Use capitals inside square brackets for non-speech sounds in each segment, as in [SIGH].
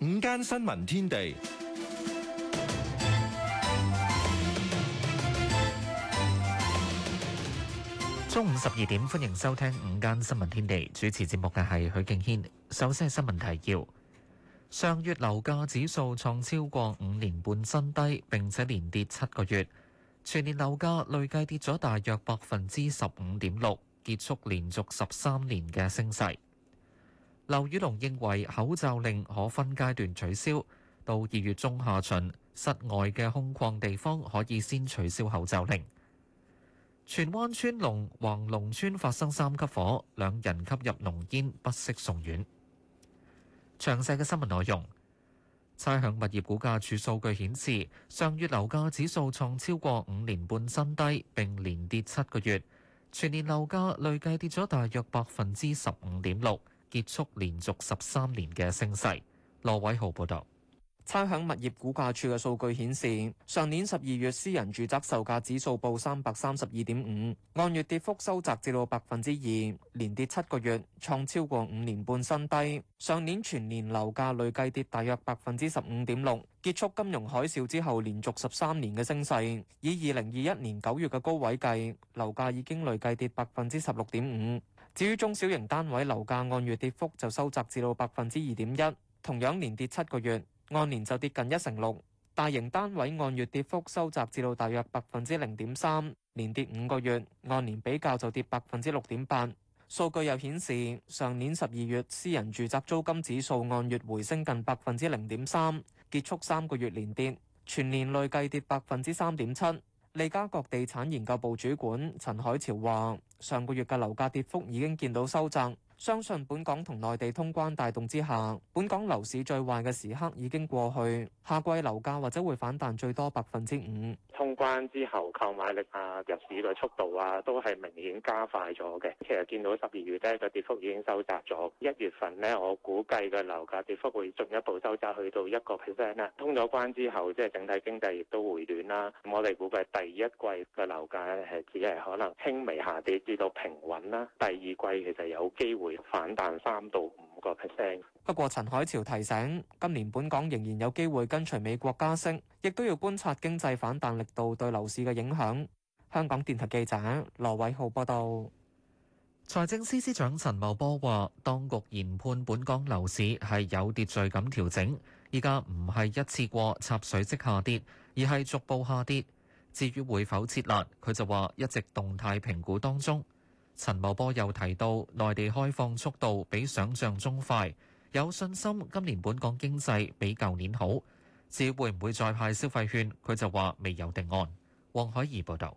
午間新聞天地，中午 [MUSIC] 十二點歡迎收聽午間新聞天地。主持節目嘅係許敬軒。首先係新聞提要：上月樓價指數創超過五年半新低，並且連跌七個月。全年樓價累計跌咗大約百分之十五點六，結束連續十三年嘅升勢。劉宇龍認為口罩令可分階段取消，到二月中下旬，室外嘅空曠地方可以先取消口罩令。荃灣村龍橫龍村發生三級火，兩人吸入濃煙，不適送院。詳細嘅新聞內容，差餉物業估價署數據顯示，上月樓價指數創超過五年半新低，並連跌七個月，全年樓價累計跌咗大約百分之十五點六。結束連續十三年嘅升勢。羅偉豪報道。差餉物業估價署嘅數據顯示，上年十二月私人住宅售價指數報三百三十二點五，按月跌幅收窄至到百分之二，連跌七個月，創超過五年半新低。上年全年樓價累計跌大約百分之十五點六，結束金融海嘯之後連續十三年嘅升勢。以二零二一年九月嘅高位計，樓價已經累計跌百分之十六點五。至於中小型單位樓價按月跌幅就收窄至到百分之二點一，同樣連跌七個月，按年就跌近一成六。大型單位按月跌幅收窄至到大約百分之零點三，連跌五個月，按年比較就跌百分之六點八。數據又顯示，上年十二月私人住宅租金指數按月回升近百分之零點三，結束三個月連跌，全年累計跌百分之三點七。利嘉閣地產研究部主管陳海潮話：上個月嘅樓價跌幅已經見到收窄。相信本港同內地通關帶動之下，本港樓市最壞嘅時刻已經過去。下季樓價或者會反彈最多百分之五、啊啊。通關之後，購買力啊、入市嘅速度啊，都係明顯加快咗嘅。其實見到十二月咧個跌幅已經收窄咗，一月份呢，我估計嘅樓價跌幅會進一步收窄去到一個 percent 啦。通咗關之後，即係整體經濟亦都回暖啦。咁我哋估計第一季嘅樓價咧係只係可能輕微下跌至到平穩啦。第二季其實有機會。回反彈三到五個 percent。不過，陳海潮提醒，今年本港仍然有機會跟隨美國加息，亦都要觀察經濟反彈力度對樓市嘅影響。香港電台記者羅偉浩報道。財政司司長陳茂波話，當局研判本港樓市係有秩序咁調整，依家唔係一次過插水式下跌，而係逐步下跌。至於會否設立，佢就話一直動態評估當中。陳茂波又提到，內地開放速度比想像中快，有信心今年本港經濟比舊年好。至於會唔會再派消費券，佢就話未有定案。黃海怡報導，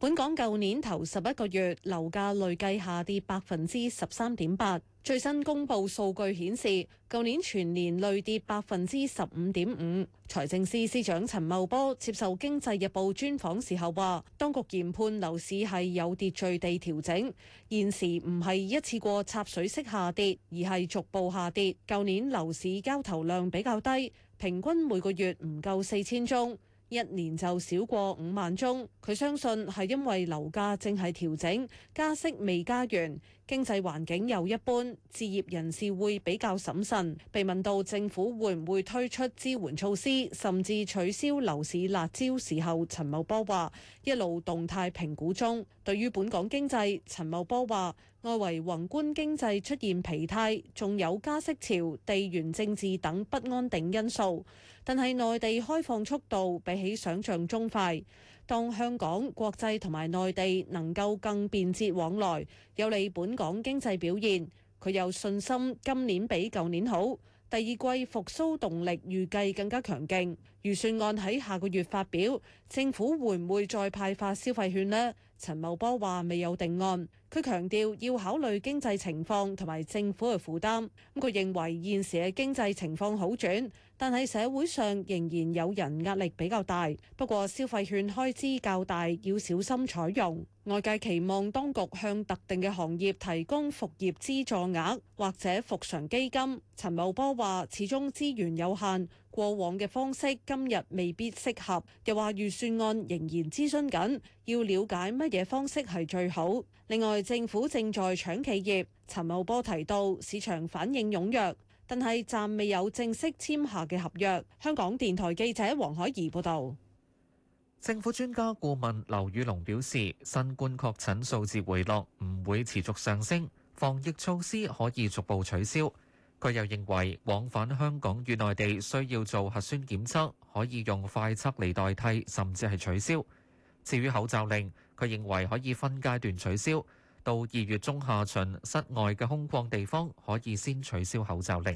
本港舊年頭十一個月樓價累計下跌百分之十三點八。最新公布數據顯示，舊年全年累跌百分之十五點五。財政司司長陳茂波接受《經濟日報》專訪時候話，當局研判樓市係有秩序地調整，現時唔係一次過插水式下跌，而係逐步下跌。舊年樓市交投量比較低，平均每個月唔夠四千宗，一年就少過五萬宗。佢相信係因為樓價正係調整，加息未加完。經濟環境又一般，置業人士會比較審慎。被問到政府會唔會推出支援措施，甚至取消樓市辣椒時候，陳茂波話：一路動態評估中。對於本港經濟，陳茂波話：外圍宏觀經濟出現疲態，仲有加息潮、地緣政治等不安定因素。但係內地開放速度比起想象中快。當香港、國際同埋內地能夠更便捷往來，有利本港經濟表現。佢有信心今年比舊年好，第二季復甦動力預計更加強勁。預算案喺下個月發表，政府會唔會再派發消費券呢？陳茂波話未有定案，佢強調要考慮經濟情況同埋政府嘅負擔。咁佢認為現時嘅經濟情況好轉。但係社會上仍然有人壓力比較大，不過消費券開支較大，要小心採用。外界期望當局向特定嘅行業提供復業資助額或者復常基金。陳茂波話：始終資源有限，過往嘅方式今日未必適合。又話預算案仍然諮詢緊，要了解乜嘢方式係最好。另外，政府正在搶企業。陳茂波提到市場反應踴躍。但係暫未有正式簽下嘅合約。香港電台記者黃海怡報導。政府專家顧問劉宇龍表示，新冠確診數字回落，唔會持續上升，防疫措施可以逐步取消。佢又認為，往返香港與內地需要做核酸檢測，可以用快測嚟代替，甚至係取消。至於口罩令，佢認為可以分階段取消。到二月中下旬，室外嘅空曠地方可以先取消口罩令。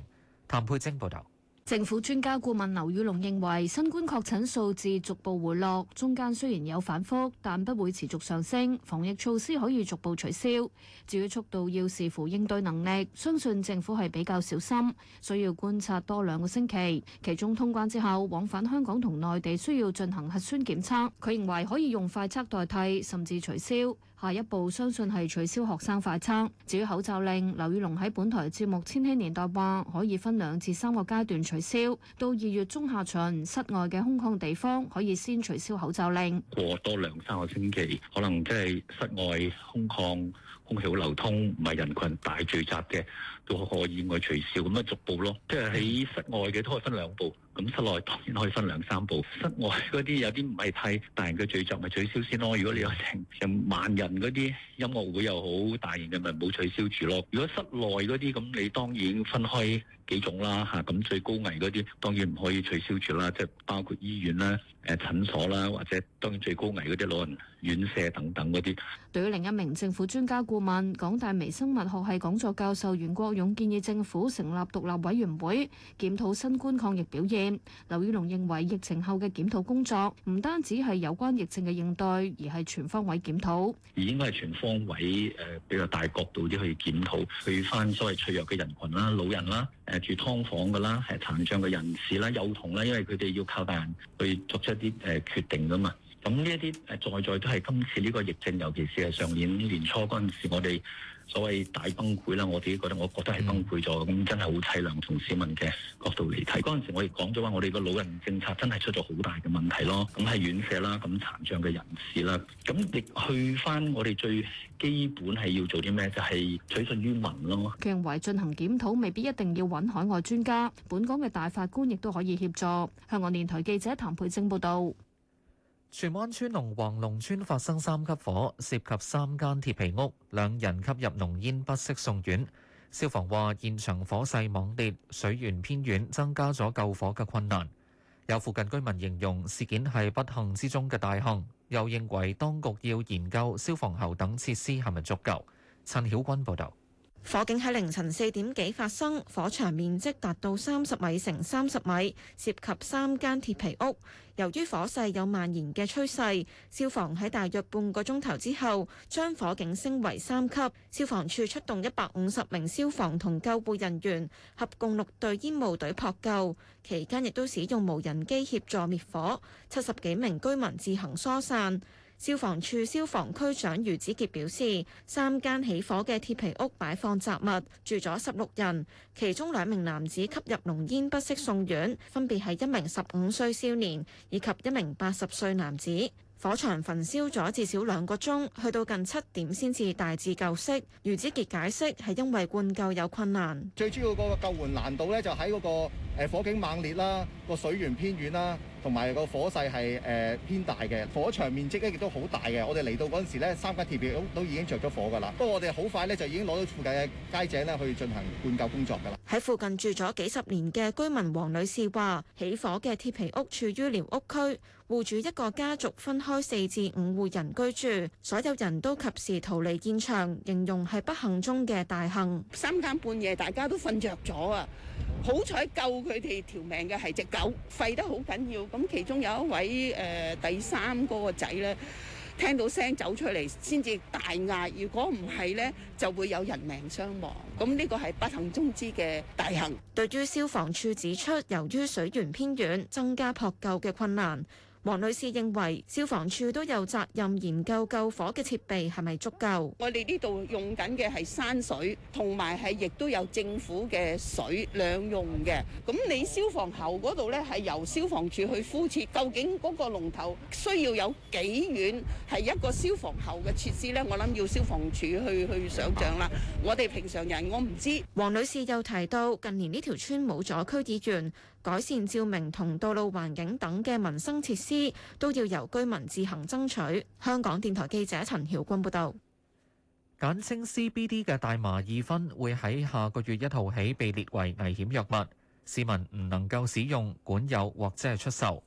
譚佩貞報道。政府專家顧問劉宇龍認為，新冠確診數字逐步回落，中間雖然有反復，但不會持續上升。防疫措施可以逐步取消，至於速度要視乎應對能力。相信政府係比較小心，需要觀察多兩個星期。其中通關之後，往返香港同內地需要進行核酸檢測，佢認為可以用快測代替，甚至取消。下一步相信係取消學生快測。至於口罩令，劉宇龍喺本台節目《千禧年代》話可以分兩至三個階段取消。到二月中下旬，室外嘅空曠地方可以先取消口罩令。過多兩三個星期，可能即係室外空曠空氣好流通，唔係人群大聚集嘅，都可以外取消咁啊，逐步咯，即係喺室外嘅都可以分兩步。咁室內當然可以分兩三步，室外嗰啲有啲唔係太大型嘅聚集，咪取消先咯。如果你有成成萬人嗰啲音樂會又好，大型嘅咪冇取消住咯。如果室內嗰啲，咁你當然分開幾種啦，嚇咁最高危嗰啲當然唔可以取消住啦，即係包括醫院啦、誒診所啦，或者當然最高危嗰啲老人院舍等等嗰啲。對於另一名政府專家顧問、港大微生物學系講座教授袁國勇建議政府成立獨立委員會檢討新冠抗疫表現。劉宇龍認為，疫情後嘅檢討工作唔單止係有關疫情嘅應對，而係全方位檢討，而應該係全方位誒比較大角度啲去檢討，去翻，所謂脆弱嘅人群啦、老人啦、誒住劏房嘅啦、係殘障嘅人士啦、幼童啦，因為佢哋要靠大人去作出一啲誒決定噶嘛。咁呢一啲誒在在都係今次呢個疫症，尤其是係上年年初嗰陣時，我哋。所謂大崩潰啦，我自己覺得我覺得係崩潰咗，咁，真係好凄涼，從市民嘅角度嚟睇嗰陣時，我亦講咗話，我哋個老人政策真係出咗好大嘅問題咯。咁係院舍啦，咁殘障嘅人士啦，咁亦去翻我哋最基本係要做啲咩，就係取信於民咯。認為進行檢討未必一定要揾海外專家，本港嘅大法官亦都可以協助。香港電台記者譚佩晶報道。荃灣村龍王龍村發生三級火，涉及三間鐵皮屋，兩人吸入濃煙不適送院。消防話現場火勢猛烈，水源偏遠，增加咗救火嘅困難。有附近居民形容事件係不幸之中嘅大幸，又認為當局要研究消防喉等設施係咪足夠。陳曉君報道。火警喺凌晨四點幾發生，火場面積達到三十米乘三十米，涉及三間鐵皮屋。由於火勢有蔓延嘅趨勢，消防喺大約半個鐘頭之後將火警升為三級，消防處出動一百五十名消防同救護人員，合共六隊煙霧隊撲救。期間亦都使用無人機協助滅火，七十幾名居民自行疏散。消防處消防區長余子傑表示，三間起火嘅鐵皮屋擺放雜物，住咗十六人，其中兩名男子吸入濃煙不適送院，分別係一名十五歲少年以及一名八十歲男子。火場焚燒咗至少兩個鐘，去到近七點先至大致救熄。余子傑解釋係因為灌救有困難，最主要個救援難度咧就喺嗰個。誒火警猛烈啦，個水源偏遠啦，同埋個火勢係誒偏大嘅，火場面積咧亦都好大嘅。我哋嚟到嗰陣時咧，三間鐵皮屋都已經着咗火噶啦。不過我哋好快咧就已經攞到附近嘅街井咧去進行灌救工作噶啦。喺附近住咗幾十年嘅居民黃女士話：起火嘅鐵皮屋處於寮屋區，戶主一個家族分開四至五戶人居住，所有人都及時逃離現場，形容係不幸中嘅大幸。三更半夜大家都瞓着咗啊，好彩救！佢哋條命嘅係隻狗，吠得好緊要。咁其中有一位誒第三個仔咧，聽到聲走出嚟先至大嗌。如果唔係咧，就會有人命傷亡。咁呢個係不幸中之嘅大幸。對於消防處指出，由於水源偏遠，增加撲救嘅困難。王女士認為消防處都有責任研究救火嘅設備係咪足夠。改善照明同道路環境等嘅民生設施都要由居民自行爭取。香港電台記者陳曉君報導。簡稱 CBD 嘅大麻二酚會喺下個月一號起被列為危險藥物，市民唔能夠使用、管有或者係出售。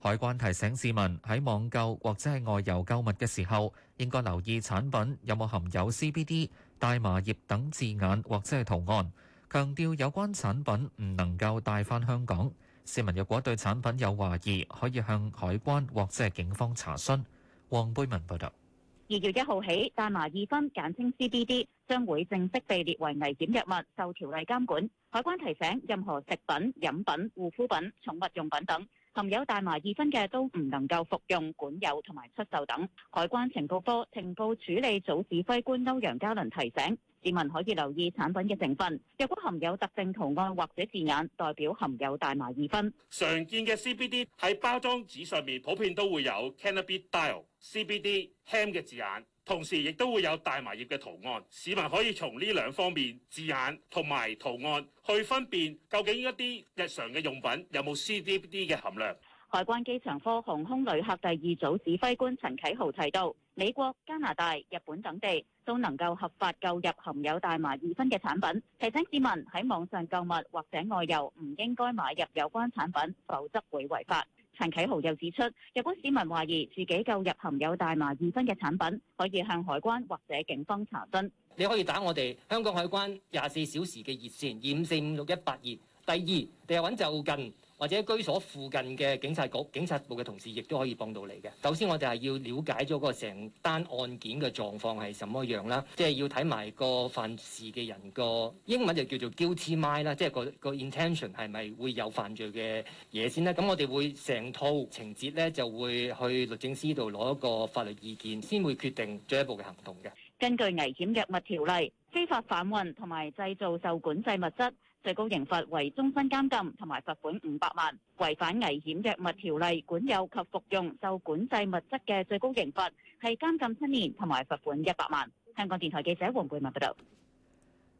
海關提醒市民喺網購或者係外遊購物嘅時候，應該留意產品有冇含有 CBD、大麻葉等字眼或者係圖案。強調有關產品唔能夠帶返香港，市民若果對產品有懷疑，可以向海關或者係警方查詢。黃貝文報道：「二月一號起，大麻二分（簡稱 CBD 將會正式被列為危險藥物，受條例監管。海關提醒，任何食品、飲品、護膚品、寵物用品等含有大麻二分嘅都唔能夠服用、管有同埋出售等。海關情報科情報處理組指揮官歐陽嘉麟提醒。市民可以留意產品嘅成分，若果含有特徵圖案或者字眼，代表含有大麻二酚。常見嘅 CBD 喺包裝紙上面普遍都會有 cannabidiol CBD hemp 嘅字眼，同時亦都會有大麻葉嘅圖案。市民可以從呢兩方面字眼同埋圖案去分辨究竟一啲日常嘅用品有冇 CBD 嘅含量。海關機場科航空旅客第二組指揮官陳啟豪提到。美國、加拿大、日本等地都能夠合法購入含有大麻二酚嘅產品，提醒市民喺網上購物或者外遊唔應該買入有關產品，否則會違法。陳啟豪又指出，日本市民懷疑自己購入含有大麻二酚嘅產品，可以向海關或者警方查詢。你可以打我哋香港海關廿四小時嘅熱線二五四五六一八二。第二，你又揾就近，或者居所附近嘅警察局、警察部嘅同事亦都可以幫到你嘅。首先，我哋係要了解咗個成單案件嘅狀況係什麼樣啦，即係要睇埋個犯事嘅人個英文就叫做 guilty mind 啦，即係個個 intention 係咪會有犯罪嘅嘢，先啦。咁我哋會成套情節咧就會去律政司度攞一個法律意見先會決定進一步嘅行動嘅。根據危險藥物條例，非法販運同埋製造受管制物質。最高刑罰為終身監禁同埋罰款五百萬。違反危險藥物條例管有及服用受管制物質嘅最高刑罰係監禁七年同埋罰款一百萬。香港電台記者黃貝文報道。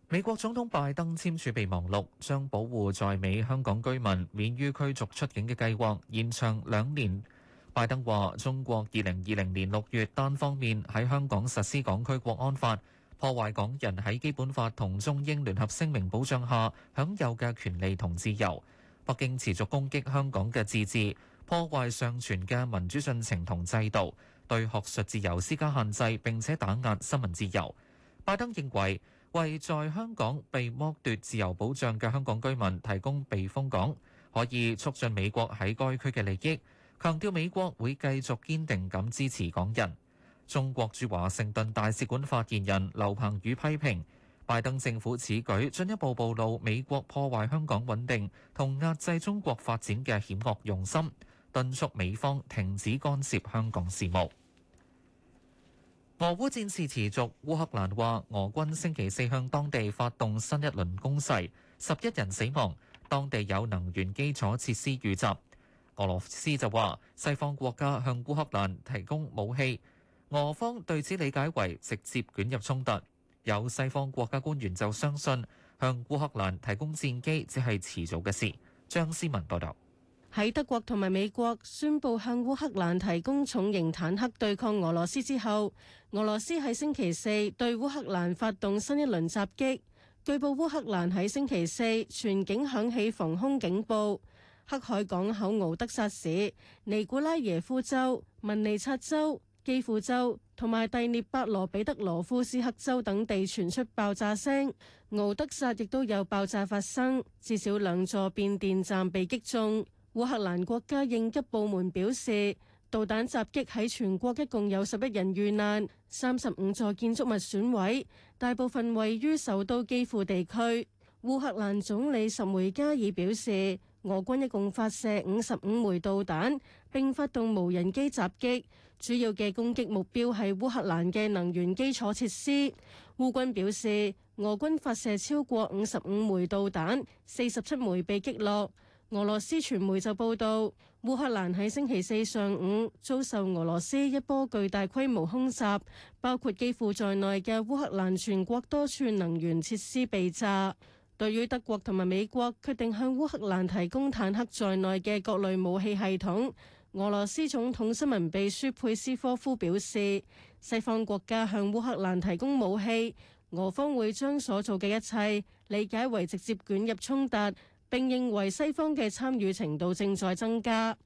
美國總統拜登簽署備忘錄，將保護在美香港居民免於驅逐出境嘅計劃延長兩年。拜登話：中國二零二零年六月單方面喺香港實施港區國安法。破壞港人喺基本法同中英聯合聲明保障下享有嘅權利同自由。北京持續攻擊香港嘅自治，破壞尚存嘅民主進程同制度，對學術自由施加限制，並且打壓新聞自由。拜登認為，為在香港被剝奪自由保障嘅香港居民提供避風港，可以促進美國喺該區嘅利益，強調美國會繼續堅定咁支持港人。中國駐華盛頓大使館發言人劉鵬宇批評拜登政府此舉進一步暴露美國破壞香港穩定同壓制中國發展嘅險惡用心，敦促美方停止干涉香港事務。俄烏戰事持續，烏克蘭話俄軍星期四向當地發動新一輪攻勢，十一人死亡，當地有能源基礎設施遇襲。俄羅斯就話西方國家向烏克蘭提供武器。俄方對此理解為直接捲入衝突。有西方國家官員就相信，向烏克蘭提供戰機只係遲早嘅事。張思文報導，喺德國同埋美國宣布向烏克蘭提供重型坦克對抗俄羅斯之後，俄羅斯喺星期四對烏克蘭發動新一輪襲擊。據報烏克蘭喺星期四全境響起防空警報，黑海港口奧德薩市、尼古拉耶夫州、文尼察州、基輔州同埋第聶伯羅彼得羅夫斯克州等地傳出爆炸聲，敖德薩亦都有爆炸發生，至少兩座變電站被擊中。烏克蘭國家應急部門表示，導彈襲擊喺全國一共有十一人遇難，三十五座建築物損毀，大部分位於首都基輔地區。烏克蘭總理什梅加爾表示，俄軍一共發射五十五枚導彈，並發動無人機襲擊。主要嘅攻擊目標係烏克蘭嘅能源基礎設施。烏軍表示，俄軍發射超過五十五枚導彈，四十七枚被擊落。俄羅斯傳媒就報道，烏克蘭喺星期四上午遭受俄羅斯一波巨大規模空襲，包括基輔在內嘅烏克蘭全國多處能源設施被炸。對於德國同埋美國決定向烏克蘭提供坦克在內嘅各類武器系統。俄羅斯總統新聞秘書佩斯科夫表示，西方國家向烏克蘭提供武器，俄方會將所做嘅一切理解為直接捲入衝突，並認為西方嘅參與程度正在增加。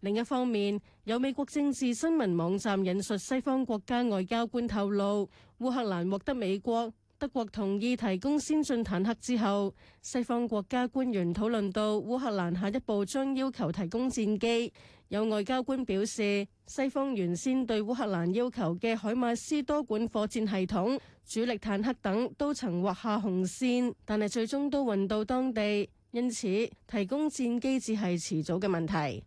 另一方面，有美國政治新聞網站引述西方國家外交官透露，烏克蘭獲得美國。德國同意提供先進坦克之後，西方國家官員討論到烏克蘭下一步將要求提供戰機。有外交官表示，西方原先對烏克蘭要求嘅海馬斯多管火箭系統、主力坦克等都曾劃下紅線，但係最終都運到當地，因此提供戰機只係遲早嘅問題。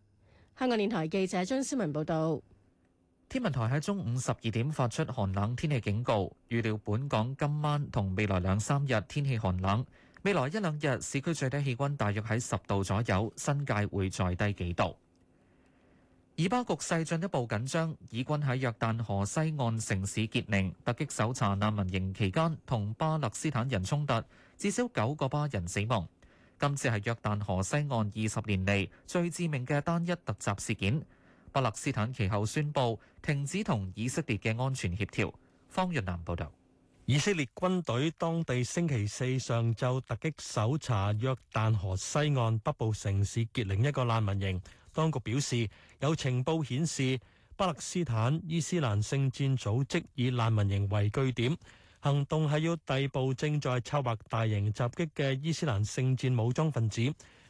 香港電台記者張思文報道。天文台喺中午十二點發出寒冷天氣警告，預料本港今晚同未來兩三日天氣寒冷。未來一兩日，市區最低氣温大約喺十度左右，新界會再低幾度。以巴局勢進一步緊張，以軍喺約旦河西岸城市傑寧突擊搜查難民營期間同巴勒斯坦人衝突，至少九個巴人死亡。今次係約旦河西岸二十年嚟最致命嘅單一突襲事件。巴勒斯坦其後宣布停止同以色列嘅安全協調。方若南報導，以色列軍隊當地星期四上晝突擊搜查約旦河西岸北部城市傑寧一個難民營。當局表示，有情報顯示巴勒斯坦伊斯蘭聖戰組織以難民營為據點，行動係要逮捕正在策劃大型襲擊嘅伊斯蘭聖戰武裝分子。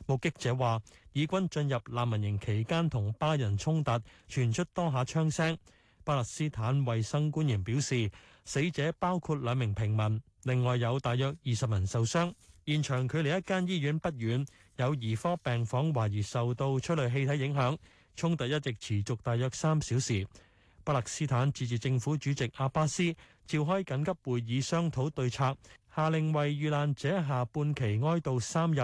目擊者話，以軍進入難民營期間同巴人衝突，傳出多下槍聲。巴勒斯坦衛生官員表示，死者包括兩名平民，另外有大約二十人受傷。現場距離一間醫院不遠，有兒科病房懷疑受到催淚氣體影響。衝突一直持續大約三小時。巴勒斯坦自治政府主席阿巴斯召開緊急會議，商討對策，下令為遇難者下半旗哀悼三日。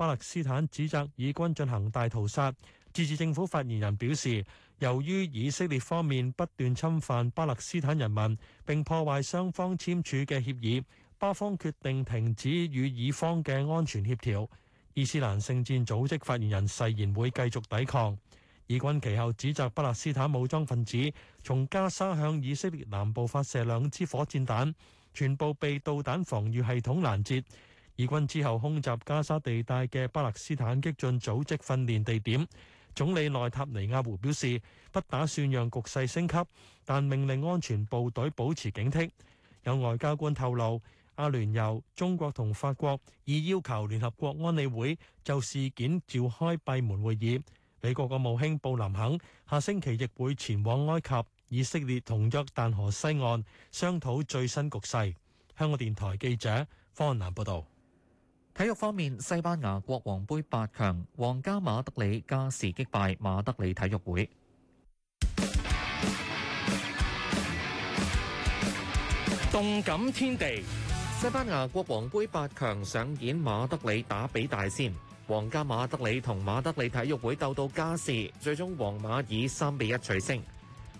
巴勒斯坦指責以軍進行大屠殺，自治政府發言人表示，由於以色列方面不斷侵犯巴勒斯坦人民，並破壞雙方簽署嘅協議，巴方決定停止與以方嘅安全協調。伊斯蘭聖戰組織發言人誓言會繼續抵抗。以軍其後指責巴勒斯坦武裝分子從加沙向以色列南部發射兩支火箭彈，全部被導彈防禦系統攔截。以軍之後空襲加沙地帶嘅巴勒斯坦激進組織訓練地點。總理內塔尼亞胡表示不打算讓局勢升級，但命令安全部隊保持警惕。有外交官透露，阿聯酋、中國同法國已要求聯合國安理會就事件召開閉門會議。美國國務卿布林肯下星期亦會前往埃及、以色列同約旦河西岸商討最新局勢。香港電台記者方南報道。體育方面，西班牙國王盃八強皇家馬德里加時擊敗馬德里體育會。動感天地，西班牙國王盃八強上演馬德里打比大戰，皇家馬德里同馬德里體育會鬥到加時，最終皇馬以三比一取勝。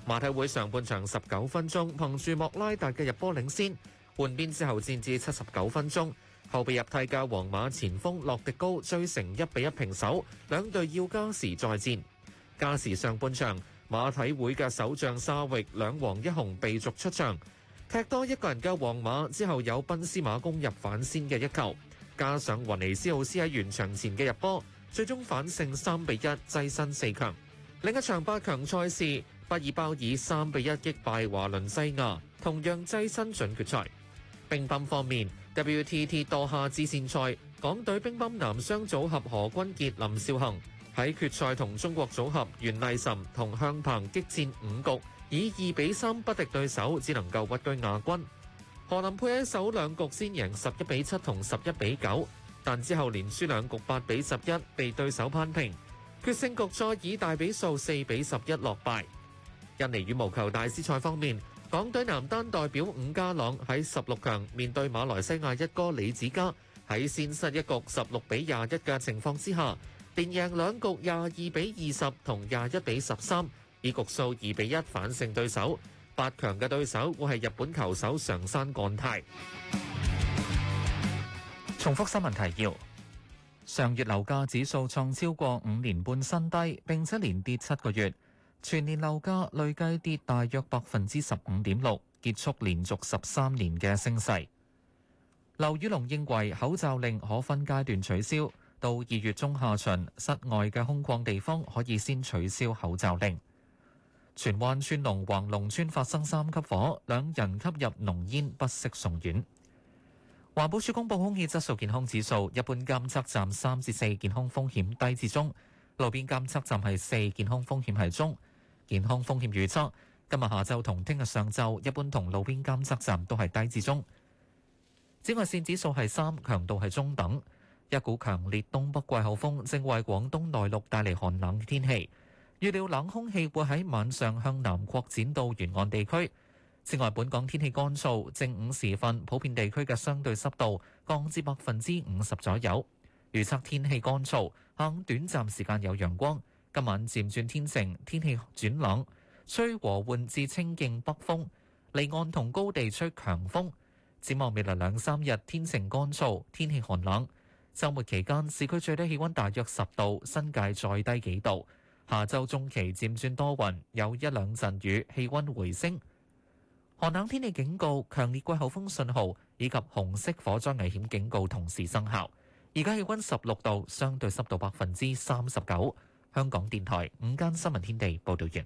馬體會上半場十九分鐘憑住莫拉達嘅入波領先，換邊之後戰至七十九分鐘。後備入替嘅皇馬前鋒洛迪高追成一比一平手，兩隊要加時再戰。加時上半場，馬體會嘅守將沙域兩黃一紅被逐出場，踢多一個人嘅皇馬之後有賓斯馬攻入反先嘅一球，加上雲尼斯奧斯喺完場前嘅入波，最終反勝三比一躋身四強。另一場八強賽事，畢爾包以三比一擊敗華倫西亞，同樣躋身準決賽。乒乓方面。WTT 多哈支線賽，港隊乒乓男雙組合何鈞傑、林兆恒喺決賽同中國組合袁勵岑同向鵬激戰5局，以2比3不敵對手，只能夠屈居亞軍。何林配喺首兩局先贏11比7同11比9，但之後連輸兩局8比11被對手扳平，決勝局再以大比數4比11落敗。印尼羽毛球大師賽方面。港隊男單代表伍家朗喺全年樓價累計跌大約百分之十五點六，結束連續十三年嘅升勢。劉宇龍認為口罩令可分階段取消，到二月中下旬，室外嘅空曠地方可以先取消口罩令。荃灣村農橫龍村發生三級火，兩人吸入濃煙不適送院。環保署公布空氣質素健康指數，一般監測站三至四，健康風險低至中；路邊監測站係四，健康風險係中。健康風險預測，今日下晝同聽日上晝，一般同路邊監測站都係低至中。紫外線指數係三，強度係中等。一股強烈東北季候風正為廣東內陸帶嚟寒冷嘅天氣，預料冷空氣會喺晚上向南擴展到沿岸地區。此外，本港天氣乾燥，正午時分普遍地區嘅相對濕度降至百分之五十左右。預測天氣乾燥，下午短暫時間有陽光。今晚漸轉天晴，天氣轉冷，吹和緩至清勁北風，離岸同高地吹強風。展望未來兩三日天晴乾燥，天氣寒冷。週末期間市區最低氣温大約十度，新界再低幾度。下周中期漸轉多雲，有一兩陣雨，氣温回升。寒冷天氣警告、強烈季候風信號以及紅色火災危險警告同時生效。而家氣温十六度，相對濕度百分之三十九。香港電台午間新聞天地報道完。